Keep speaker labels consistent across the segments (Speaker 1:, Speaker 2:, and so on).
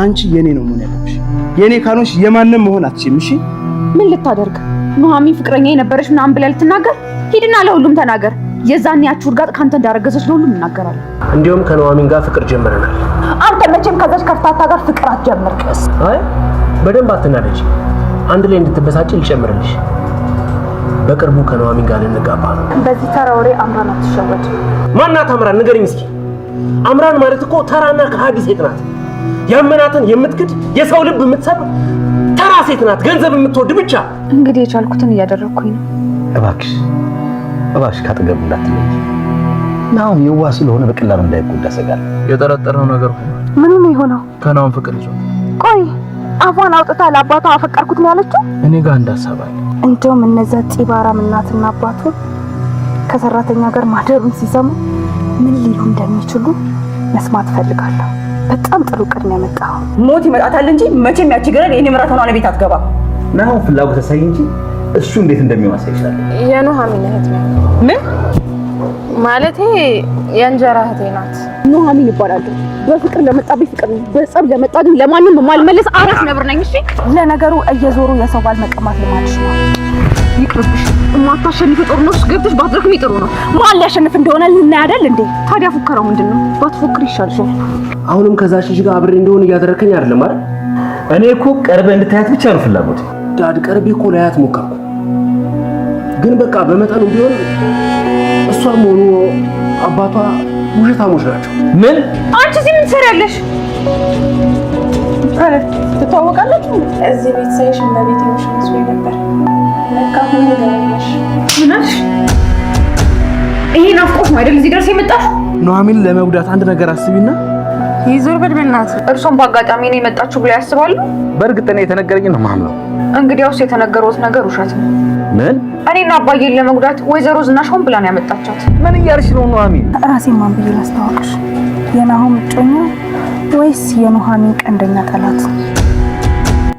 Speaker 1: አንቺ የኔ ነው መሆን ያለብሽ። የኔ ካልሆንሽ የማንም መሆን አትችይም። እሺ
Speaker 2: ምን ልታደርግ ኑሐሚን ፍቅረኛ የነበረች ምናምን ብለህ ልትናገር ሂድና ለሁሉም ተናገር። የዛን ያቺ ውርጋጥ ካንተ እንዳረገዘች ለሁሉም እናገራለን።
Speaker 1: እንዲሁም ከኑሐሚን ጋር ፍቅር ጀምረናል።
Speaker 2: አንተ መቼም ከዛች ከፍታታ ጋር ፍቅር አትጀምር።
Speaker 1: አይ በደንብ አትናደጂ። አንድ ላይ እንድትበሳጭ ልጨምርልሽ። በቅርቡ ከኑሐሚን ጋር ልንጋባ ነው።
Speaker 2: በዚህ ተራ ወሬ አምራን አትሸወድ።
Speaker 1: ማናት አምራን? ንገሪኝ እስኪ። አምራን ማለት እኮ ተራና ከሀዲስ ሴት ናት። ያመናትን የምትክድ የሰው ልብ የምትሰብ ተራ ሴት ናት፣ ገንዘብ የምትወድ ብቻ።
Speaker 2: እንግዲህ የቻልኩትን እያደረግኩኝ ነው።
Speaker 1: እባክሽ እባክሽ ካጠገብ እንዳትለይ። ናሁም የዋህ ስለሆነ በቀላሉ እንዳይጎዳ ሰጋል።
Speaker 3: የጠረጠረው ነገር ምን ነው የሆነው? ከናሁም ፍቅር ይዞ
Speaker 2: ቆይ አፏን አውጥታ ለአባቷ አፈቀርኩት ነው ያለችው።
Speaker 3: እኔ ጋር እንዳሰባል።
Speaker 2: እንደውም እነዚያ ጢባራም እናትና አባቱ ከሰራተኛ ጋር ማደሩን ሲሰሙ ምን ሊሉ እንደሚችሉ መስማት ፈልጋለሁ። በጣም ጥሩ ቅድ ነው ያመጣው።
Speaker 1: ሞት ይመጣታል እንጂ መቼም ያቺ ገረድ የኔ ምራት ሆኗ ለቤት አትገባ። ናሁን ፍላጎት አሳይ እንጂ እሱ እንዴት እንደሚዋሳ ይችላል።
Speaker 4: የኑሐሚን እህት ነው። ምን ማለቴ የእንጀራ እህቴ ናት።
Speaker 2: ኑሐሚን ይባላሉ። በፍቅር ለመጣብኝ ፍቅር ነው፣ በጸብ ለመጣ ግን ለማንም የማልመለስ አራስ ነብር ነኝ። እሺ ለነገሩ እየዞሩ የሰው ባል መቀማት ልማድሽ ነው።
Speaker 1: ይቅርብሽ። የማታሸንፊ ጦርነት ውስጥ ገብተሽ ባትረክም ይጥሩ ነው።
Speaker 2: ማን ሊያሸንፍ እንደሆነ ልናይ አይደል እንዴ? ታዲያ ፉከራው ምንድን ነው? ባትፎክር ይሻልሻል።
Speaker 1: አሁንም ከዛ ሽሽ ጋር አብሬ እንደሆን እያደረከኝ አይደለም አይደል? እኔ እኮ ቀርበህ እንድታያት ብቻ ነው ፍላጎት። ዳድ ቀርቤ እኮ ላያት ሞከርኩ፣ ግን በቃ በመጠኑ ቢሆን እሷም ሆኑ አባቷ ውሸታሞች ናቸው። ምን
Speaker 2: አንቺ እዚህ ምን ትሰሪያለሽ? ትታወቃለች። እዚህ ቤት ሳይሽ እና ቤት ነበር ይሄ ናፍቆት ነው አይደል? እዚህ ድረስ የመጣሽ
Speaker 1: ኑሐሚን ለመጉዳት አንድ ነገር አስቢና
Speaker 2: ይዞር በድብናት እርሶም በአጋጣሚ ነው የመጣችሁ ብላ ያስባሉ።
Speaker 1: በእርግጥ እኔ የተነገረኝ ነው ማምነው።
Speaker 2: እንግዲያውስ የተነገሩት ነገር ውሸት ነው። ምን? እኔና አባዬን ለመጉዳት ወይዘሮ ዝናሽ ሆን ብላ ነው ያመጣቻት።
Speaker 1: ምን እያልሽ ነው ኑሐሚን?
Speaker 2: ራሴን ማን ብዬ ላስታወቅሽ? የናሆም እጮኛ ወይስ የኑሐሚን ቀንደኛ ጠላት?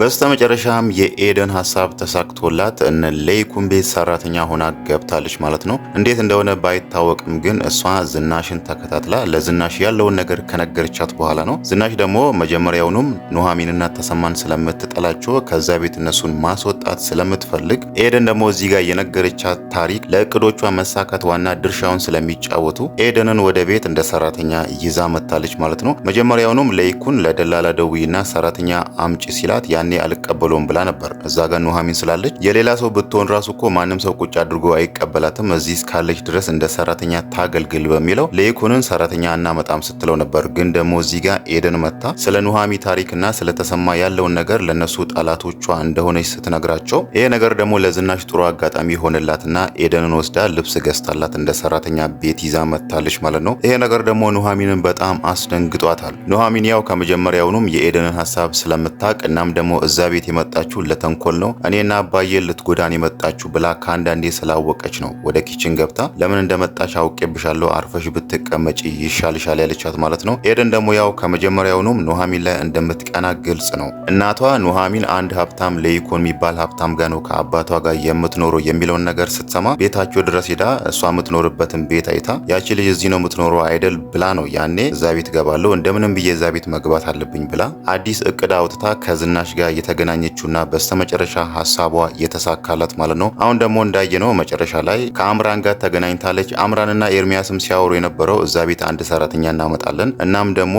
Speaker 5: በስተመጨረሻም የኤደን ሀሳብ ተሳክቶላት እነ ሌይኩን ቤት ሰራተኛ ሆና ገብታለች ማለት ነው። እንዴት እንደሆነ ባይታወቅም ግን እሷ ዝናሽን ተከታትላ ለዝናሽ ያለውን ነገር ከነገረቻት በኋላ ነው። ዝናሽ ደግሞ መጀመሪያውኑም ኑሐሚንና ተሰማን ስለምትጠላቸው ከዛ ቤት እነሱን ማስወጣት ስለምትፈልግ ኤደን ደግሞ እዚህ ጋር የነገረቻት ታሪክ ለእቅዶቿ መሳካት ዋና ድርሻውን ስለሚጫወቱ ኤደንን ወደ ቤት እንደ ሰራተኛ ይዛ መታለች ማለት ነው። መጀመሪያውኑም ሌይኩን ለደላላ ደውይና ሰራተኛ አምጪ ሲላት ያን ያኔ አልቀበለውም ብላ ነበር። እዛ ጋር ኑሐሚን ስላለች የሌላ ሰው ብትሆን ራሱ እኮ ማንም ሰው ቁጭ አድርጎ አይቀበላትም። እዚህ እስካለች ድረስ እንደ ሰራተኛ ታገልግል በሚለው ለይኩንን ሰራተኛ አናመጣም ስትለው ነበር። ግን ደግሞ እዚህ ጋር ኤደን መታ ስለ ኑሐሚ ታሪክና ስለተሰማ ያለውን ነገር ለነሱ ጠላቶቿ እንደሆነች ስትነግራቸው ይሄ ነገር ደግሞ ለዝናሽ ጥሩ አጋጣሚ ሆነላትና ኤደንን ወስዳ ልብስ ገዝታላት እንደ ሰራተኛ ቤት ይዛ መታለች ማለት ነው። ይሄ ነገር ደግሞ ኑሐሚንን በጣም አስደንግጧታል። ኑሐሚን ያው ከመጀመሪያውኑም የኤደንን ሀሳብ ስለምታቅ እናም ደግሞ እዛ ቤት የመጣችሁ ለተንኮል ነው እኔና አባዬ ልትጎዳን የመጣችሁ ብላ ከአንዳንዴ ስላወቀች ነው ወደ ኪችን ገብታ ለምን እንደመጣሽ አውቄብሻለሁ፣ አርፈሽ ብትቀመጪ ይሻልሻል ያለቻት ማለት ነው። ኤደን ደግሞ ያው ከመጀመሪያውኑም ኑሐሚን ላይ እንደምትቀና ግልጽ ነው። እናቷ ኑሐሚን አንድ ሀብታም ለይኮን የሚባል ሀብታም ጋር ነው ከአባቷ ጋር የምትኖረው የሚለውን ነገር ስትሰማ ቤታቸው ድረስ ሄዳ እሷ የምትኖርበትን ቤት አይታ ያቺ ልጅ እዚህ ነው የምትኖረው አይደል ብላ ነው ያኔ እዛ ቤት ገባለሁ እንደምንም ብዬ እዛ ቤት መግባት አለብኝ ብላ አዲስ እቅድ አውጥታ ከዝናሽ ጋር እየተገናኘችውና በስተመጨረሻ ሀሳቧ እየተሳካላት ማለት ነው። አሁን ደግሞ እንዳየነው መጨረሻ ላይ ከአምራን ጋር ተገናኝታለች። አምራንና ኤርሚያስም ሲያወሩ የነበረው እዛ ቤት አንድ ሰራተኛ እናመጣለን፣ እናም ደግሞ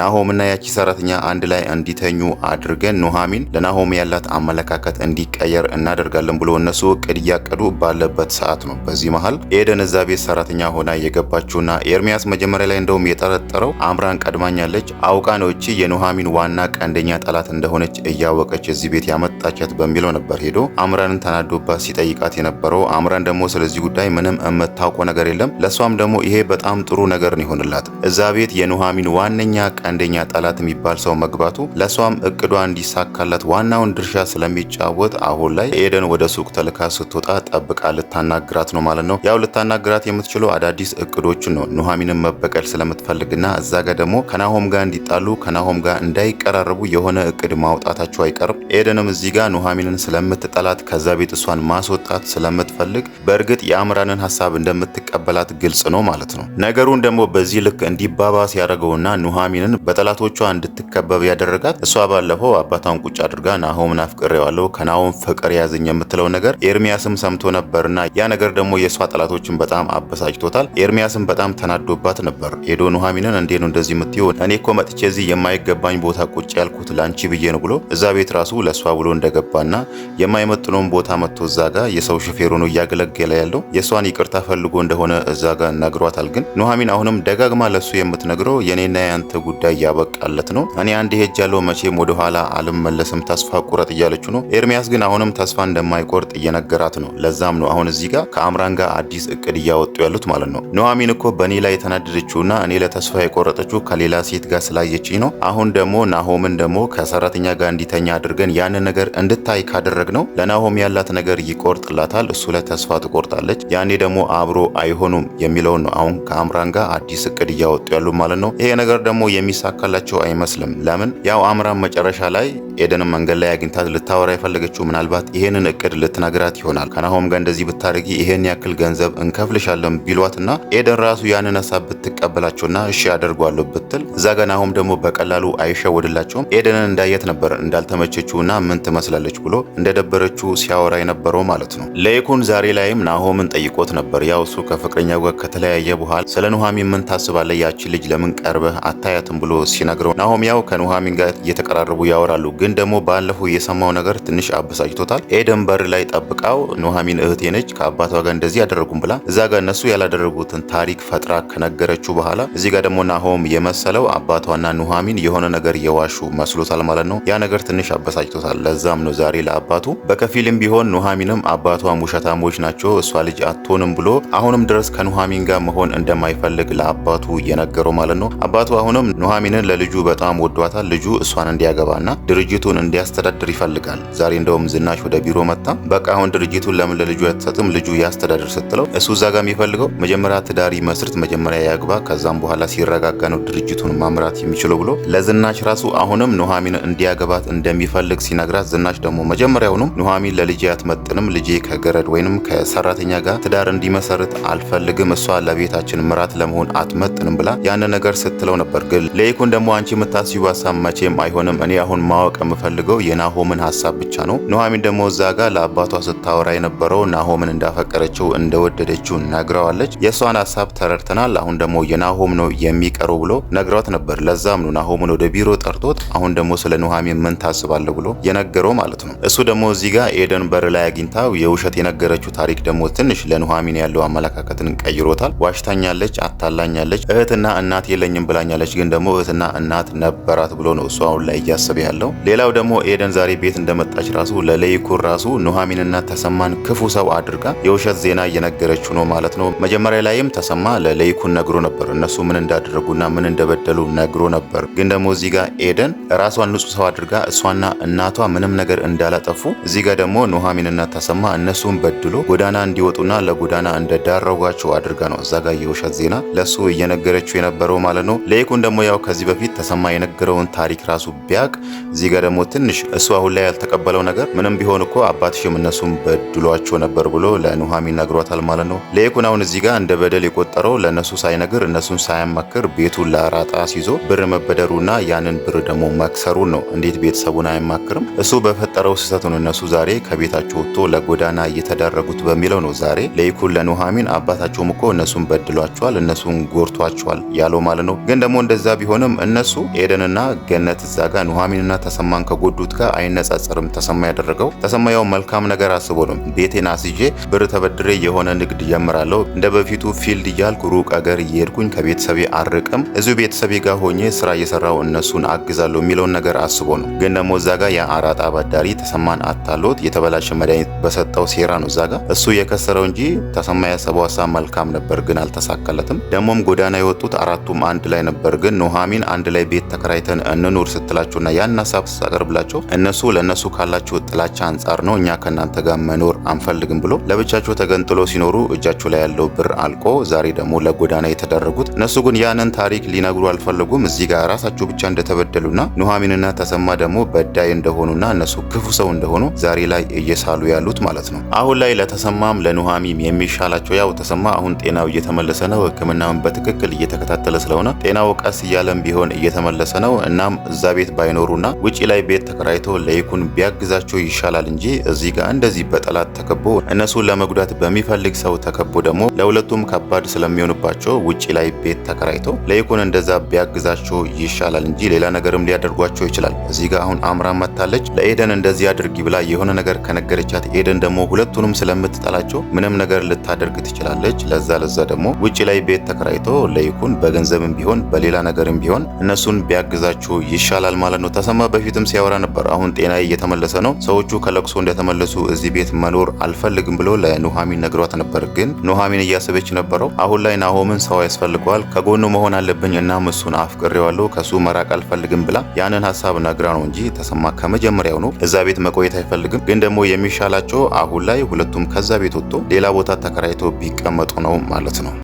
Speaker 5: ናሆምና ያቺ ሰራተኛ አንድ ላይ እንዲተኙ አድርገን ኑሐሚን ለናሆም ያላት አመለካከት እንዲቀየር እናደርጋለን ብሎ እነሱ እቅድ እያቀዱ ባለበት ሰዓት ነው። በዚህ መሀል ኤደን እዛ ቤት ሰራተኛ ሆና የገባችውና ኤርሚያስ መጀመሪያ ላይ እንደውም የጠረጠረው አምራን ቀድማኛለች፣ አውቃ ነው እቺ የኑሐሚን ዋና ቀንደኛ ጠላት እንደሆነች እያ ያወቀች እዚህ ቤት ያመጣቻት በሚለው ነበር ሄዶ አምራንን ተናዶባት ሲጠይቃት የነበረው። አምራን ደግሞ ስለዚህ ጉዳይ ምንም የምታውቀው ነገር የለም። ለእሷም ደግሞ ይሄ በጣም ጥሩ ነገር ነው ይሆንላት። እዛ ቤት የኑሐሚን ዋነኛ ቀንደኛ ጠላት የሚባል ሰው መግባቱ ለእሷም እቅዷ እንዲሳካላት ዋናውን ድርሻ ስለሚጫወት አሁን ላይ ኤደን ወደ ሱቅ ተልካ ስትወጣ ጠብቃ ልታናግራት ነው ማለት ነው። ያው ልታናግራት የምትችለው አዳዲስ እቅዶችን ነው። ኑሐሚንን መበቀል ስለምትፈልግና እዛ ጋር ደግሞ ከናሆም ጋር እንዲጣሉ ከናሆም ጋር እንዳይቀራረቡ የሆነ እቅድ ማውጣታቸው አይቀርም። ኤደንም እዚህ ጋር ኑሐሚንን ስለምትጠላት ከዛ ቤት እሷን ማስወጣት ስለምትፈልግ በእርግጥ የአምራንን ሀሳብ እንደምትቀበላት ግልጽ ነው ማለት ነው። ነገሩን ደግሞ በዚህ ልክ እንዲባባስ ያደረገውና ኑሐሚንን በጠላቶቿ እንድትከበብ ያደረጋት እሷ ባለፈው አባቷን ቁጭ አድርጋ ናሆምን አፍቅሬዋለሁ ከናሆም ፍቅር ያዘኝ የምትለው ነገር ኤርሚያስም ሰምቶ ነበርና ያ ነገር ደግሞ የእሷ ጠላቶችን በጣም አበሳጭቶታል። ኤርሚያስም በጣም ተናዶባት ነበር። ሄዶ ኑሐሚንን እንዴ ነው እንደዚህ የምትሆን እኔ እኮ መጥቼ እዚህ የማይገባኝ ቦታ ቁጭ ያልኩት ላንቺ ብዬ ነው ብሎ እዛ ቤት ራሱ ለእሷ ብሎ እንደገባና የማይመጥነውን ቦታ መጥቶ እዛ ጋ የሰው ሾፌር ሆኖ እያገለገለ ያለው የእሷን ይቅርታ ፈልጎ እንደሆነ እዛ ጋ ነግሯታል። ግን ኑሐሚን አሁንም ደጋግማ ለሱ የምትነግረው የኔና ያንተ ጉዳይ እያበቃለት ነው፣ እኔ አንድ ሄጅ ያለው መቼም ወደኋላ አልመለስም፣ ተስፋ ቁረጥ እያለችው ነው። ኤርሚያስ ግን አሁንም ተስፋ እንደማይቆርጥ እየነገራት ነው። ለዛም ነው አሁን እዚህ ጋር ከአምራን ጋር አዲስ እቅድ እያወጡ ያሉት ማለት ነው። ኑሐሚን እኮ በእኔ ላይ የተናደደችውና እኔ ለተስፋ የቆረጠችው ከሌላ ሴት ጋር ስላየችኝ ነው። አሁን ደግሞ ናሆምን ደግሞ ከሰራተኛ ጋር እንዲተ ደስተኛ አድርገን ያንን ነገር እንድታይ ካደረግ ነው ለናሆም ያላት ነገር ይቆርጥላታል። እሱ ላይ ተስፋ ትቆርጣለች። ያኔ ደግሞ አብሮ አይሆኑም የሚለውን ነው አሁን ከአምራን ጋር አዲስ እቅድ እያወጡ ያሉ ማለት ነው። ይሄ ነገር ደግሞ የሚሳካላቸው አይመስልም። ለምን ያው አምራን መጨረሻ ላይ ኤደንም መንገድ ላይ አግኝታት ልታወራ የፈለገችው ምናልባት ይሄንን እቅድ ልትነግራት ይሆናል። ከናሆም ጋር እንደዚህ ብታደርጊ ይሄን ያክል ገንዘብ እንከፍልሻለን ቢሏትና ኤደን ራሱ ያንን ሀሳብ ብትቀበላቸውና እሺ አደርጓለሁ ብትል እዛ ጋ ናሆም ደግሞ በቀላሉ አይሸወድላቸውም። ኤደንን እንዳየት ነበር እንዳ እንዳልተመቸችውና ምን ትመስላለች ብሎ እንደደበረችው ሲያወራ የነበረው ማለት ነው። ለይኩን ዛሬ ላይም ናሆምን ጠይቆት ነበር። ያው እሱ ከፍቅረኛው ጋር ከተለያየ በኋላ ስለ ኑሐሚን ምን ታስባለህ? ያቺ ልጅ ለምን ቀርበህ አታያትም? ብሎ ሲነግረው ናሆም ያው ከኑሐሚን ጋር እየተቀራረቡ ያወራሉ። ግን ደግሞ ባለፈው የሰማው ነገር ትንሽ አበሳጭቶታል። ኤደን በር ላይ ጠብቃው ኑሐሚን እህቴ ነች ከአባቷ ጋር እንደዚህ ያደረጉም ብላ እዛ ጋር እነሱ ያላደረጉትን ታሪክ ፈጥራ ከነገረችው በኋላ እዚህ ጋር ደግሞ ናሆም የመሰለው አባቷና ኑሐሚን የሆነ ነገር የዋሹ መስሎታል ማለት ነው። ያ ነገር ትንሽ አበሳጭቶታል። ለዛም ነው ዛሬ ለአባቱ በከፊልም ቢሆን ኑሐሚንም አባቷም ውሸታሞች ናቸው እሷ ልጅ አትሆንም ብሎ አሁንም ድረስ ከኑሐሚን ጋር መሆን እንደማይፈልግ ለአባቱ የነገረው ማለት ነው። አባቱ አሁንም ኑሐሚንን ለልጁ በጣም ወዷታል። ልጁ እሷን እንዲያገባና ድርጅቱን እንዲያስተዳድር ይፈልጋል። ዛሬ እንደውም ዝናሽ ወደ ቢሮ መጣ። በቃ አሁን ድርጅቱን ለምን ለልጁ አትሰጥም? ልጁ ያስተዳድር ስትለው እሱ እዛ ጋር የሚፈልገው መጀመሪያ ትዳሪ መስርት መጀመሪያ ያግባ፣ ከዛም በኋላ ሲረጋጋ ነው ድርጅቱን ማምራት የሚችለው ብሎ ለዝናሽ ራሱ አሁንም ኑሐሚን እንዲያገባት እንደሚፈልግ ሲነግራት ዝናሽ ደግሞ መጀመሪያውኑም ኑሐሚን ለልጄ አትመጥንም፣ ልጄ ከገረድ ወይንም ከሰራተኛ ጋር ትዳር እንዲመሰርት አልፈልግም፣ እሷ ለቤታችን ምራት ለመሆን አትመጥንም ብላ ያንን ነገር ስትለው ነበር። ግን ለይኩን ደግሞ አንቺ የምታስቢው ሀሳብ መቼም አይሆንም፣ እኔ አሁን ማወቅ የምፈልገው የናሆምን ሀሳብ ብቻ ነው። ኑሐሚን ደግሞ እዛ ጋር ለአባቷ ስታወራ የነበረው ናሆምን እንዳፈቀረችው እንደወደደችው ነግረዋለች። የእሷን ሀሳብ ተረድተናል፣ አሁን ደግሞ የናሆም ነው የሚቀረው ብሎ ነግረዋት ነበር። ለዛም ነው ናሆምን ወደ ቢሮ ጠርቶት አሁን ደግሞ ስለ ኑሐሚን ምን ታስባለሁ ብሎ የነገረው ማለት ነው። እሱ ደግሞ እዚህ ጋር ኤደን በር ላይ አግኝታው የውሸት የነገረችው ታሪክ ደግሞ ትንሽ ለኑሐሚን ያለው አመለካከትን ቀይሮታል። ዋሽታኛለች፣ አታላኛለች፣ እህትና እናት የለኝም ብላኛለች፣ ግን ደግሞ እህትና እናት ነበራት ብሎ ነው እሱ አሁን ላይ እያሰበ ያለው። ሌላው ደግሞ ኤደን ዛሬ ቤት እንደመጣች ራሱ ለለይኩን ራሱ ኑሐሚንና ተሰማን ክፉ ሰው አድርጋ የውሸት ዜና እየነገረችው ነው ማለት ነው። መጀመሪያ ላይም ተሰማ ለለይኩን ነግሮ ነበር እነሱ ምን እንዳደረጉና ምን እንደበደሉ ነግሮ ነበር። ግን ደግሞ እዚህ ጋር ኤደን ራሷን ንጹህ ሰው አድርጋ እሱ እሷና እናቷ ምንም ነገር እንዳላጠፉ እዚህ ጋር ደግሞ ኑሐሚንና ተሰማ እነሱን በድሎ ጎዳና እንዲወጡና ለጎዳና እንደዳረጓቸው አድርጋ ነው እዛ ጋር የውሸት ዜና ለሱ እየነገረችው የነበረው ማለት ነው። ለይኩን ደግሞ ያው ከዚህ በፊት ተሰማ የነገረውን ታሪክ ራሱ ቢያቅ እዚህ ጋር ደግሞ ትንሽ እሱ አሁን ላይ ያልተቀበለው ነገር ምንም ቢሆን እኮ አባትሽም እነሱን በድሏቸው ነበር ብሎ ለኑሐሚን ነግሯታል ማለት ነው። ለይኩን አሁን እዚህ ጋር እንደ በደል የቆጠረው ለእነሱ ሳይነግር እነሱን ሳያማክር ቤቱን ለአራጣ ሲይዞ ብር መበደሩና ያንን ብር ደግሞ መክሰሩን ነው። እንዴት ቤተሰብ ቤተሰቡን አይማክርም። እሱ በፈጠረው ስህተት ነው እነሱ ዛሬ ከቤታቸው ወጥቶ ለጎዳና እየተዳረጉት በሚለው ነው። ዛሬ ለይኩን ለኑሐሚን አባታቸውም እኮ እነሱን በድሏቸዋል፣ እነሱን ጎርቷቸዋል ያለው ማለት ነው። ግን ደግሞ እንደዛ ቢሆንም እነሱ ኤደንና ገነት እዛ ጋር ኑሐሚንና ተሰማን ከጎዱት ጋር አይነጻጸርም። ተሰማ ያደረገው ተሰማ ያው መልካም ነገር አስቦ ነው። ቤቴን አስይዤ ብር ተበድሬ የሆነ ንግድ ጀምራለሁ እንደ በፊቱ ፊልድ እያልኩ ሩቅ አገር እየሄድኩኝ ከቤተሰቤ አርቅም እዚሁ ቤተሰቤ ጋር ሆኜ ስራ እየሰራው እነሱን አግዛለሁ የሚለውን ነገር አስቦ ነው ግን ደግሞ እዛ ጋ የአራጣ አበዳሪ ተሰማን አታሎት የተበላሸ መድኃኒት በሰጠው ሴራ ነው። እዛ ጋ እሱ የከሰረው እንጂ ተሰማ ያሰበው ሀሳብ መልካም ነበር፣ ግን አልተሳካለትም። ደግሞም ጎዳና የወጡት አራቱም አንድ ላይ ነበር፣ ግን ኑሐሚን አንድ ላይ ቤት ተከራይተን እንኑር ስትላቸውና ያን ሀሳብ ስታቀርብላቸው እነሱ ለእነሱ ካላችሁ ጥላቻ አንጻር ነው እኛ ከእናንተ ጋር መኖር አንፈልግም ብሎ ለብቻቸው ተገንጥሎ ሲኖሩ እጃቸው ላይ ያለው ብር አልቆ ዛሬ ደግሞ ለጎዳና የተደረጉት እነሱ ግን ያንን ታሪክ ሊነግሩ አልፈለጉም። እዚህ ጋር ራሳቸው ብቻ እንደተበደሉና ኑሐሚንና ተሰማ ደግሞ በዳይ እንደሆኑና እነሱ ክፉ ሰው እንደሆኑ ዛሬ ላይ እየሳሉ ያሉት ማለት ነው። አሁን ላይ ለተሰማም ለኑሃሚም የሚሻላቸው ያው ተሰማ አሁን ጤናው እየተመለሰ ነው፣ ህክምናውን በትክክል እየተከታተለ ስለሆነ ጤናው ቀስ እያለም ቢሆን እየተመለሰ ነው። እናም እዛ ቤት ባይኖሩና ውጪ ላይ ቤት ተከራይቶ ለይኩን ቢያግዛቸው ይሻላል እንጂ እዚህ ጋር እንደዚህ በጠላት ተከቦ እነሱን ለመጉዳት በሚፈልግ ሰው ተከቦ ደግሞ ለሁለቱም ከባድ ስለሚሆንባቸው ውጪ ላይ ቤት ተከራይቶ ለይኩን እንደዛ ቢያግዛቸው ይሻላል እንጂ ሌላ ነገርም ሊያደርጓቸው ይችላል። እዚህ ጋር አሁን ኤደንን አምራ መታለች። ለኤደን እንደዚህ አድርጊ ብላ የሆነ ነገር ከነገረቻት ኤደን ደግሞ ሁለቱንም ስለምትጠላቸው ምንም ነገር ልታደርግ ትችላለች። ለዛ ለዛ ደግሞ ውጭ ላይ ቤት ተከራይቶ ለይኩን በገንዘብም ቢሆን በሌላ ነገርም ቢሆን እነሱን ቢያግዛችሁ ይሻላል ማለት ነው። ተሰማ በፊትም ሲያወራ ነበር። አሁን ጤና እየተመለሰ ነው፣ ሰዎቹ ከለቅሶ እንደተመለሱ እዚህ ቤት መኖር አልፈልግም ብሎ ለኖሃሚን ነግሯት ነበር። ግን ኖሃሚን እያሰበች ነበረው አሁን ላይ ናሆምን ሰው ያስፈልገዋል፣ ከጎኑ መሆን አለብኝ እና እሱን አፍቅሬዋለሁ፣ ከሱ መራቅ አልፈልግም ብላ ያንን ሀሳብ ነግራ ነው እንጂ ተሰማ ከመጀመሪያው ነው እዛ ቤት መቆየት አይፈልግም። ግን ደግሞ የሚሻላቸው አሁን ላይ ሁለቱም ከዛ ቤት ወጥቶ ሌላ ቦታ ተከራይቶ ቢቀመጡ ነው ማለት ነው።